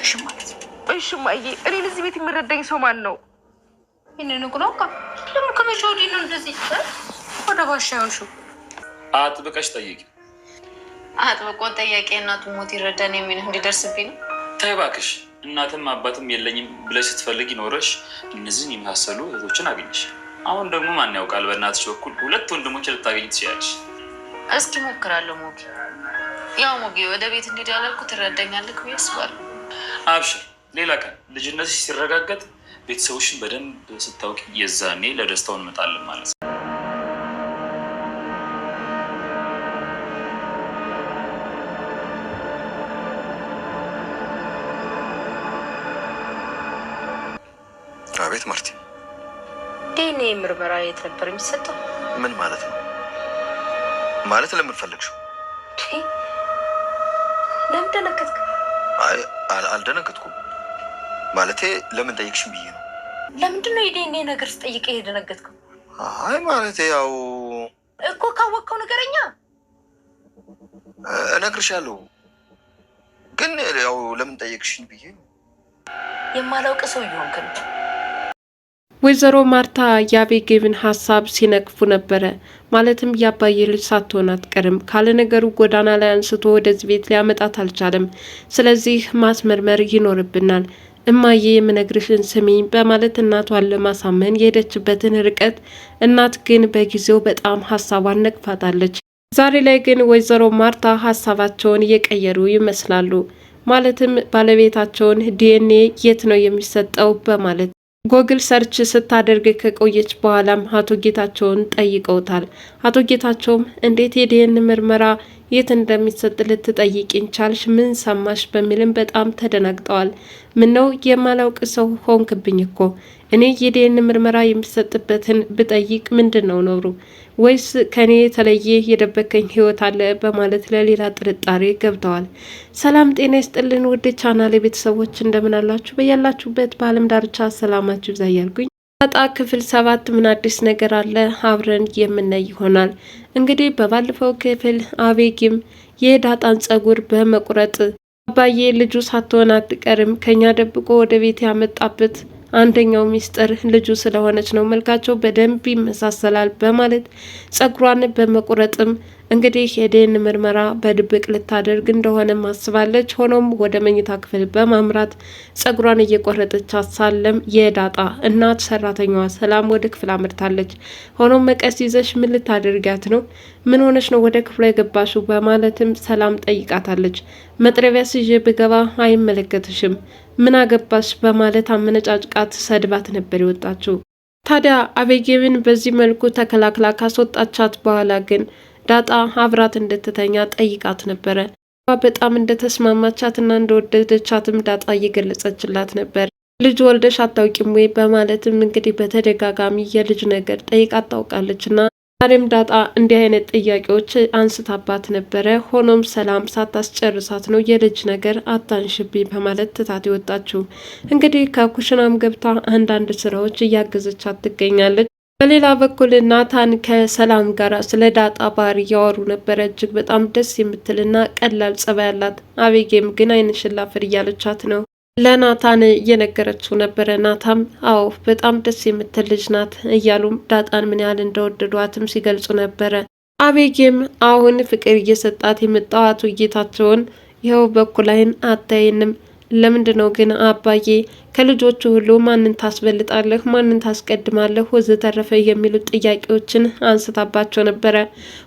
አልነገርኩሽም ማለት ነው። እሺ እማዬ፣ እኔን እዚህ ቤት የሚረዳኝ ሰው ማን ነው? ይህንን ነው ደግሞ ከመቼ ወዲህ ነው እንደዚህ ወደ ባሻ ያልሽው? አጥብቀሽ ጠይቂ። አጥብቆ ጠያቂ እናቱ ሞት ይረዳን የሚል እንዲደርስብኝ ነው። ተይ እባክሽ፣ እናትም አባትም የለኝም ብለሽ ስትፈልግ ኖረሽ እነዚህን የመሳሰሉ እህቶችን አገኘሽ። አሁን ደግሞ ማን ያውቃል በእናትሽ በኩል ሁለት ወንድሞች ልታገኝ ትችያለሽ። እስኪ ሞክራለሁ። ሞጌ ያው ሞጌ ወደ ቤት እንግዲህ ያላልኩ ትረዳኛለህ ብዬ አስባለሁ። አብሽር፣ ሌላ ቀን ልጅነት ሲረጋገጥ ቤተሰቦችን በደንብ ስታውቅ የዛኔ ለደስታው እንመጣለን ማለት ነው። አቤት ማርቲ፣ ዲኤንኤ ምርመራ የት ነበር የሚሰጠው? ምን ማለት ነው? ማለት ለምን ፈለግሽው? አልደነገጥኩም። ማለቴ ለምን ጠይቅሽም ብዬ ነው። ለምንድን ነው የዲኤንኤ ነገር ስጠይቅ የደነገጥከው? አይ ማለቴ ያው እኮ ካወቅከው ነገረኛ እነግርሻለሁ። ግን ያው ለምን ጠየቅሽኝ ብዬ ነው። የማላውቅ ሰው እየሆንክ ነው። ወይዘሮ ማርታ የአቤጌብን ሀሳብ ሲነቅፉ ነበረ። ማለትም የአባዬ ልጅ ሳትሆን አትቀርም ካለ ነገሩ ጎዳና ላይ አንስቶ ወደዚህ ቤት ሊያመጣት አልቻለም። ስለዚህ ማስመርመር ይኖርብናል። እማዬ የምነግርሽን ስሚ በማለት እናቷን ለማሳመን የሄደችበትን ርቀት እናት ግን በጊዜው በጣም ሀሳቧን ነቅፋታለች። ዛሬ ላይ ግን ወይዘሮ ማርታ ሀሳባቸውን እየቀየሩ ይመስላሉ። ማለትም ባለቤታቸውን ዲኤንኤ የት ነው የሚሰጠው በማለት ጎግል ሰርች ስታደርግ ከቆየች በኋላም አቶ ጌታቸውን ጠይቀውታል። አቶ ጌታቸውም እንዴት የዲኤን ምርመራ የት እንደሚሰጥ ልትጠይቂኝ ቻልሽ? ምን ሰማሽ? በሚልም በጣም ተደናግጠዋል። ምነው የማላውቅ ሰው ሆንክብኝ እኮ እኔ የዲኤንኤ ምርመራ የሚሰጥበትን ብጠይቅ ምንድን ነው ኖሩ ወይስ ከኔ የተለየ የደበከኝ ህይወት አለ በማለት ለሌላ ጥርጣሬ ገብተዋል። ሰላም ጤና ይስጥልን ውድ ቻናል ቤተሰቦች እንደምን አላችሁ? በያላችሁበት በአለም ዳርቻ ሰላማችሁ ይብዛ እያልኩኝ ዳጣ ክፍል ሰባት ምን አዲስ ነገር አለ አብረን የምናይ ይሆናል። እንግዲህ በባለፈው ክፍል አቤጊም የዳጣን ጸጉር በመቁረጥ አባዬ ልጁ ሳትሆን አትቀርም ከኛ ደብቆ ወደ ቤት ያመጣበት አንደኛው ሚስጥር ልጁ ስለሆነች ነው፣ መልካቸው በደንብ ይመሳሰላል በማለት ጸጉሯን በመቁረጥም እንግዲህ የዴን ምርመራ በድብቅ ልታደርግ እንደሆነ ማስባለች። ሆኖም ወደ መኝታ ክፍል በማምራት ጸጉሯን እየቆረጠች አሳለም የዳጣ እናት ሰራተኛዋ ሰላም ወደ ክፍል አምርታለች። ሆኖም መቀስ ይዘሽ ምን ልታደርጊያት ነው? ምን ሆነች ነው ወደ ክፍሏ የገባሽው? በማለትም ሰላም ጠይቃታለች። መጥረቢያ ስዤ ብገባ አይመለከትሽም፣ ምን አገባሽ? በማለት አመነጫጭቃት ሰድባት ነበር የወጣችው። ታዲያ አቤጌብን በዚህ መልኩ ተከላክላ ካስወጣቻት በኋላ ግን ዳጣ አብራት እንድትተኛ ጠይቃት ነበረ። በጣም እንደተስማማቻትና እንደወደደቻትም ዳጣ እየገለጸችላት ነበር። ልጅ ወልደሽ አታውቂም ወይ በማለትም እንግዲህ በተደጋጋሚ የልጅ ነገር ጠይቃት ታውቃለች እና ዛሬም ዳጣ እንዲህ አይነት ጥያቄዎች አንስታባት ነበረ። ሆኖም ሰላም ሳታስጨርሳት ነው የልጅ ነገር አታንሽብኝ በማለት ትታት የወጣችው። እንግዲህ ከኩሽናም ገብታ አንዳንድ ስራዎች እያገዘቻት ትገኛለች። በሌላ በኩል ናታን ከሰላም ጋር ስለ ዳጣ ባህሪ እያወሩ ነበረ። እጅግ በጣም ደስ የምትልና ቀላል ጸባይ ያላት አቤጌም ግን አይን ሽላፍር እያለቻት ነው። ለናታን እየነገረችው ነበረ። ናታም አዎ በጣም ደስ የምትል ልጅ ናት እያሉም ዳጣን ምን ያህል እንደወደዷትም ሲገልጹ ነበረ። አቤጌም አሁን ፍቅር እየሰጣት የመጣዋቱ እይታቸውን ይኸው በኩል አይን አታይንም ለምንድ ነው ግን አባዬ ከልጆቹ ሁሉ ማንን ታስበልጣለህ፣ ማንን ታስቀድማለህ ወዘተረፈ የሚሉ ጥያቄዎችን አንስታባቸው ነበረ።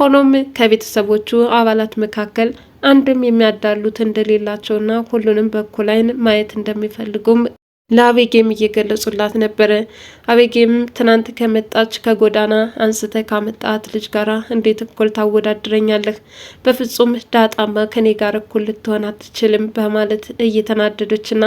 ሆኖም ከቤተሰቦቹ አባላት መካከል አንድም የሚያዳሉት እንደሌላቸውና ሁሉንም በኩል ማየት እንደሚፈልጉም ለአቤጌም እየገለጹላት ነበረ። አቤጌም ትናንት ከመጣች ከጎዳና አንስተ ካመጣት ልጅ ጋራ እንዴት እኩል ታወዳድረኛለህ? በፍጹም ዳጣማ ከኔ ጋር እኩል ልትሆን አትችልም በማለት እየተናደደችና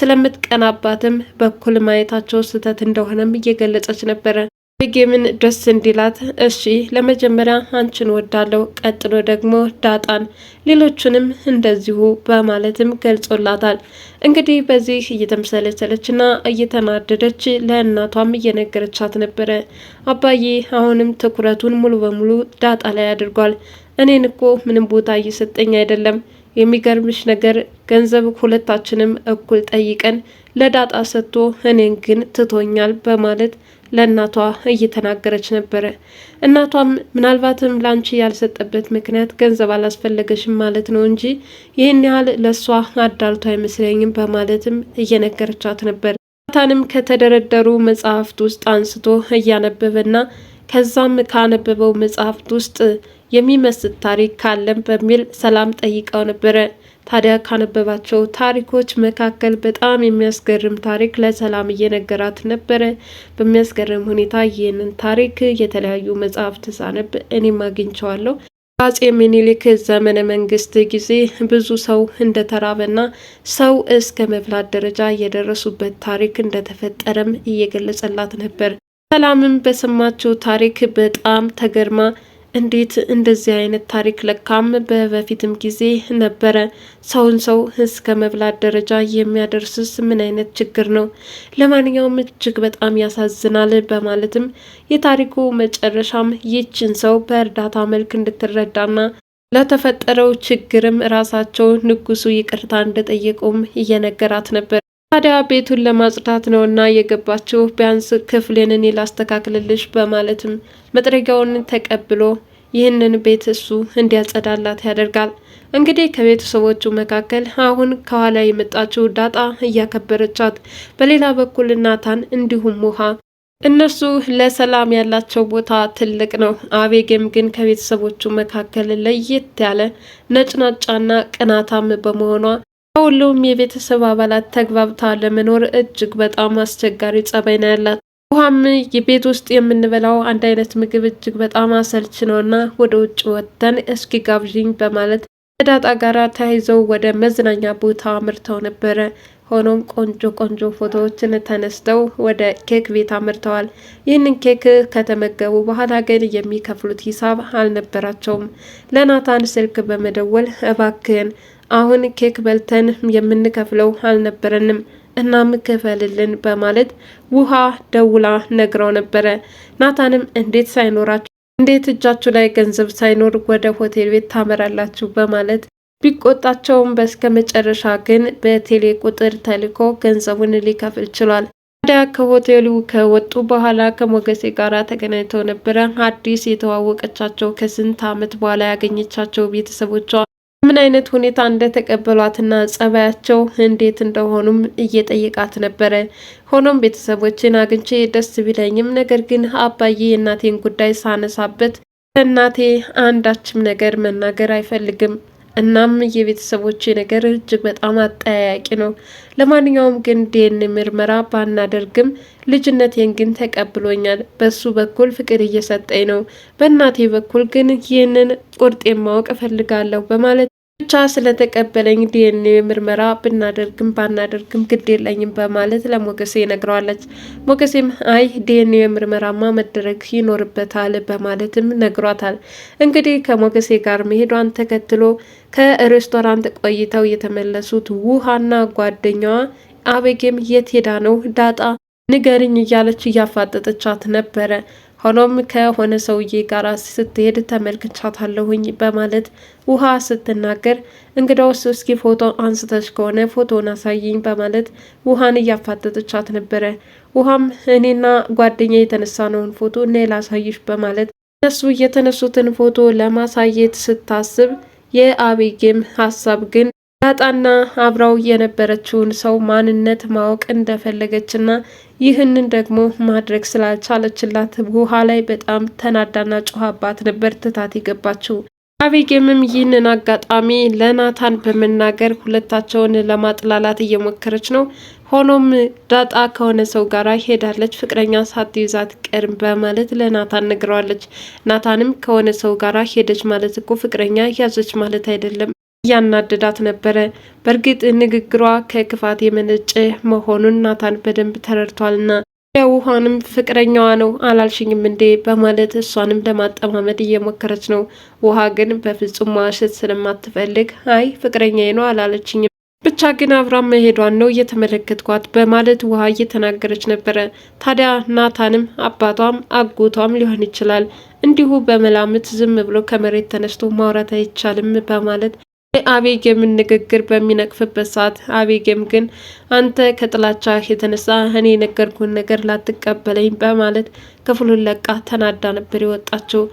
ስለምትቀናባትም በኩል ማየታቸው ስህተት እንደሆነም እየገለጸች ነበረ። ጌምን ደስ እንዲላት እሺ ለመጀመሪያ አንቺን ወዳለው ቀጥሎ ደግሞ ዳጣን ሌሎቹንም እንደዚሁ በማለትም ገልጾላታል። እንግዲህ በዚህ እየተምሰለሰለችና እየተናደደች ለእናቷም እየነገረቻት ነበረ። አባዬ አሁንም ትኩረቱን ሙሉ በሙሉ ዳጣ ላይ አድርጓል። እኔን እኮ ምንም ቦታ እየሰጠኝ አይደለም። የሚገርምሽ ነገር ገንዘብ ሁለታችንም እኩል ጠይቀን ለዳጣ ሰጥቶ እኔን ግን ትቶኛል በማለት ለእናቷ እየተናገረች ነበረ። እናቷም ምናልባትም ላንቺ ያልሰጠበት ምክንያት ገንዘብ አላስፈለገሽም ማለት ነው እንጂ ይህን ያህል ለእሷ አዳልቶ አይመስለኝም በማለትም እየነገረቻት ነበር። ናታንም ከተደረደሩ መጽሐፍት ውስጥ አንስቶ እያነበበና ከዛም ካነበበው መጽሐፍት ውስጥ የሚመስል ታሪክ ካለም በሚል ሰላም ጠይቀው ነበረ። ታዲያ ካነበባቸው ታሪኮች መካከል በጣም የሚያስገርም ታሪክ ለሰላም እየነገራት ነበረ። በሚያስገርም ሁኔታ ይህንን ታሪክ የተለያዩ መጽሐፍት ሳነብ እኔም አግኝቸዋለሁ። አጼ ምኒልክ ዘመነ መንግስት ጊዜ ብዙ ሰው እንደተራበና ሰው እስከ መብላት ደረጃ የደረሱበት ታሪክ እንደተፈጠረም እየገለጸላት ነበር። ሰላምም በሰማችው ታሪክ በጣም ተገርማ እንዴት እንደዚህ አይነት ታሪክ ለካም በበፊትም ጊዜ ነበረ። ሰውን ሰው እስከ መብላት ደረጃ የሚያደርስስ ምን አይነት ችግር ነው? ለማንኛውም እጅግ በጣም ያሳዝናል በማለትም የታሪኩ መጨረሻም ይችን ሰው በእርዳታ መልክ እንድትረዳና ለተፈጠረው ችግርም ራሳቸው ንጉሱ ይቅርታ እንደጠየቁም እየነገራት ነበር። ታዲያ ቤቱን ለማጽዳት ነውና የገባችው ቢያንስ ክፍሌንን ላስተካክልልሽ በማለትም መጥረጊያውን ተቀብሎ ይህንን ቤት እሱ እንዲያጸዳላት ያደርጋል። እንግዲህ ከቤተሰቦቹ መካከል አሁን ከኋላ የመጣችው ዳጣ እያከበረቻት፣ በሌላ በኩል ናታን እንዲሁም ውሃ እነሱ ለሰላም ያላቸው ቦታ ትልቅ ነው። አቤጌም ግን ከቤተሰቦቹ መካከል ለየት ያለ ነጭናጫና ቅናታም በመሆኗ ከሁሉም የቤተሰብ አባላት ተግባብታ ለመኖር እጅግ በጣም አስቸጋሪ ጸባይ ነው ያላት። ውሃም የቤት ውስጥ የምንበላው አንድ አይነት ምግብ እጅግ በጣም አሰልች ነውና ወደ ውጭ ወጥተን እስኪ ጋብዥኝ በማለት ከዳጣ ጋር ተያይዘው ወደ መዝናኛ ቦታ አምርተው ነበረ። ሆኖም ቆንጆ ቆንጆ ፎቶዎችን ተነስተው ወደ ኬክ ቤት አምርተዋል። ይህንን ኬክ ከተመገቡ በኋላ ግን የሚከፍሉት ሂሳብ አልነበራቸውም። ለናታን ስልክ በመደወል እባክህን አሁን ኬክ በልተን የምንከፍለው አልነበረንም እናም ክፈልልን በማለት ውሃ ደውላ ነግረው ነበረ። ናታንም እንዴት ሳይኖራችሁ እንዴት እጃችሁ ላይ ገንዘብ ሳይኖር ወደ ሆቴል ቤት ታመራላችሁ በማለት ቢቆጣቸውም በስከ መጨረሻ ግን በቴሌ ቁጥር ተልኮ ገንዘቡን ሊከፍል ችሏል። ታዲያ ከሆቴሉ ከወጡ በኋላ ከሞገሴ ጋር ተገናኝተው ነበረ። አዲስ የተዋወቀቻቸው ከስንት ዓመት በኋላ ያገኘቻቸው ቤተሰቦቿ ምን አይነት ሁኔታ እንደተቀበሏትና ጸባያቸው እንዴት እንደሆኑም እየጠየቃት ነበረ። ሆኖም ቤተሰቦችን አግኝቼ ደስ ቢለኝም ነገር ግን አባዬ የእናቴን ጉዳይ ሳነሳበት እናቴ አንዳችም ነገር መናገር አይፈልግም። እናም የቤተሰቦቼ ነገር እጅግ በጣም አጠያያቂ ነው። ለማንኛውም ግን ዴን ምርመራ ባናደርግም ልጅነቴን ግን ተቀብሎኛል። በሱ በኩል ፍቅር እየሰጠኝ ነው። በእናቴ በኩል ግን ይህንን ቁርጤን ማወቅ እፈልጋለሁ በማለት ብቻ ስለተቀበለኝ ዲኤንኤ ምርመራ ብናደርግም ባናደርግም ግድ የለኝም በማለት ለሞገሴ ነግረዋለች። ሞገሴም አይ ዲኤንኤ ምርመራማ መደረግ ይኖርበታል በማለትም ነግሯታል። እንግዲህ ከሞገሴ ጋር መሄዷን ተከትሎ ከሬስቶራንት ቆይተው የተመለሱት ውሃና ጓደኛዋ አቤጌም የት ሄዳ ነው ዳጣ ንገርኝ እያለች እያፋጠጠቻት ነበረ። ሆኖም ከሆነ ሰውዬ ጋር ስትሄድ ተመልክቻታለሁኝ በማለት ውሃ ስትናገር እንግዳውስ እስኪ ፎቶ አንስተሽ ከሆነ ፎቶን አሳይኝ በማለት ውሃን እያፋጠጠቻት ነበረ። ውሃም እኔና ጓደኛ የተነሳነውን ፎቶ እኔ ላሳይሽ በማለት እነሱ የተነሱትን ፎቶ ለማሳየት ስታስብ የአቤጌም ሀሳብ ግን ዳጣና አብራው የነበረችውን ሰው ማንነት ማወቅ እንደፈለገችና ይህንን ደግሞ ማድረግ ስላልቻለችላት ውሃ ላይ በጣም ተናዳና ጮኻባት ነበር ትታት የገባችው። አቤጌምም ይህንን አጋጣሚ ለናታን በመናገር ሁለታቸውን ለማጥላላት እየሞከረች ነው። ሆኖም ዳጣ ከሆነ ሰው ጋር ሄዳለች፣ ፍቅረኛ ሳትይዛት ቀርም በማለት ለናታን ነግረዋለች። ናታንም ከሆነ ሰው ጋር ሄደች ማለት እኮ ፍቅረኛ ያዘች ማለት አይደለም ያናደዳት ነበረ። በእርግጥ ንግግሯ ከክፋት የመነጨ መሆኑን ናታን በደንብ ተረድቷልና የውሃንም ፍቅረኛዋ ነው አላልሽኝም እንዴ በማለት እሷንም ለማጠማመድ እየሞከረች ነው። ውሃ ግን በፍጹም መዋሸት ስለማትፈልግ አይ ፍቅረኛዬ ነው አላለችኝም፣ ብቻ ግን አብራም መሄዷን ነው እየተመለከትኳት በማለት ውሃ እየተናገረች ነበረ። ታዲያ ናታንም አባቷም አጎቷም ሊሆን ይችላል እንዲሁ በመላምት ዝም ብሎ ከመሬት ተነስቶ ማውራት አይቻልም በማለት አቤጌምን ንግግር በሚነቅፍበት ሰዓት አቤጌም ግን አንተ ከጥላቻ የተነሳ እኔ የነገርኩን ነገር ላትቀበለኝ በማለት ክፍሉን ለቃ ተናዳ ነበር የወጣችው።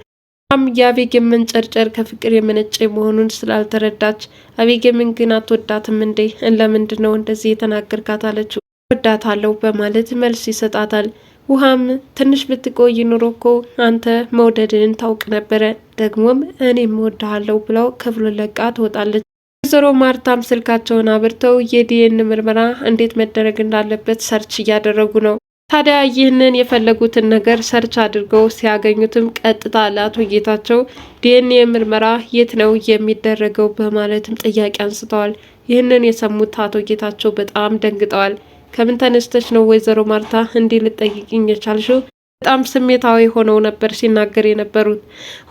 ም የአቤጌም መንጨርጨር ከፍቅር የመነጨ መሆኑን ስላልተረዳች አቤጌምን ግን አትወዳትም እንዴ? ለምንድን ነው እንደዚህ የተናገርካት? አለችው። እወዳታለሁ በማለት መልስ ይሰጣታል። ውሃም ትንሽ ብትቆይ ኑሮ እኮ አንተ መውደድን ታውቅ ነበረ፣ ደግሞም እኔም እወድሃለሁ ብለው ክፍሉን ለቃ ትወጣለች። ወይዘሮ ማርታም ስልካቸውን አብርተው የዲኤን ምርመራ እንዴት መደረግ እንዳለበት ሰርች እያደረጉ ነው። ታዲያ ይህንን የፈለጉትን ነገር ሰርች አድርገው ሲያገኙትም ቀጥታ ለአቶ ጌታቸው ዲኤንኤ ምርመራ የት ነው የሚደረገው በማለትም ጥያቄ አንስተዋል። ይህንን የሰሙት አቶ ጌታቸው በጣም ደንግጠዋል። ከምን ተነስተች ነው ወይዘሮ ማርታ እንዲህ ልጠይቅኝ የቻልሽው? በጣም ስሜታዊ ሆነው ነበር ሲናገር የነበሩት።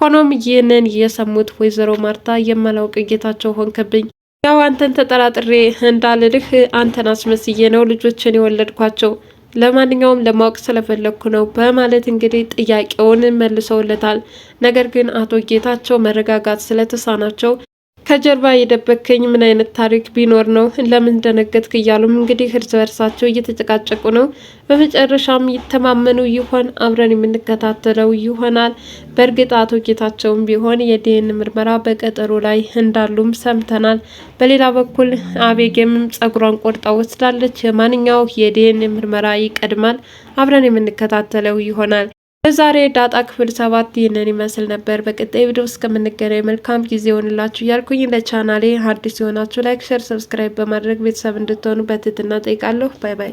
ሆኖም ይህንን የሰሙት ወይዘሮ ማርታ የማላውቅ ጌታቸው ሆንክብኝ፣ ያው አንተን ተጠራጥሬ እንዳልልህ አንተን አስመስዬ ነው ልጆችን የወለድኳቸው ለማንኛውም ለማወቅ ስለፈለግኩ ነው በማለት እንግዲህ ጥያቄውን መልሰውለታል። ነገር ግን አቶ ጌታቸው መረጋጋት ስለተሳናቸው ከጀርባ የደበከኝ ምን አይነት ታሪክ ቢኖር ነው? ለምን ደነገጥክ? እያሉም እንግዲህ እርስ በርሳቸው እየተጨቃጨቁ ነው። በመጨረሻም ይተማመኑ ይሆን? አብረን የምንከታተለው ይሆናል። በእርግጥ አቶ ጌታቸውም ቢሆን የዲኤን ምርመራ በቀጠሮ ላይ እንዳሉም ሰምተናል። በሌላ በኩል አቤጌም ጸጉሯን ቆርጣ ወስዳለች። የማንኛው የዲኤን ምርመራ ይቀድማል? አብረን የምንከታተለው ይሆናል። በዛሬ ዳጣ ክፍል ሰባት ይህንን ይመስል ነበር። በቀጣይ ቪዲዮ እስከምንገናኝ መልካም ጊዜ ይሆንላችሁ እያልኩኝ ለቻናሌ አዲስ የሆናችሁ ላይክ፣ ሸር፣ ሰብስክራይብ በማድረግ ቤተሰብ እንድትሆኑ በትህትና ጠይቃለሁ። ባይ ባይ።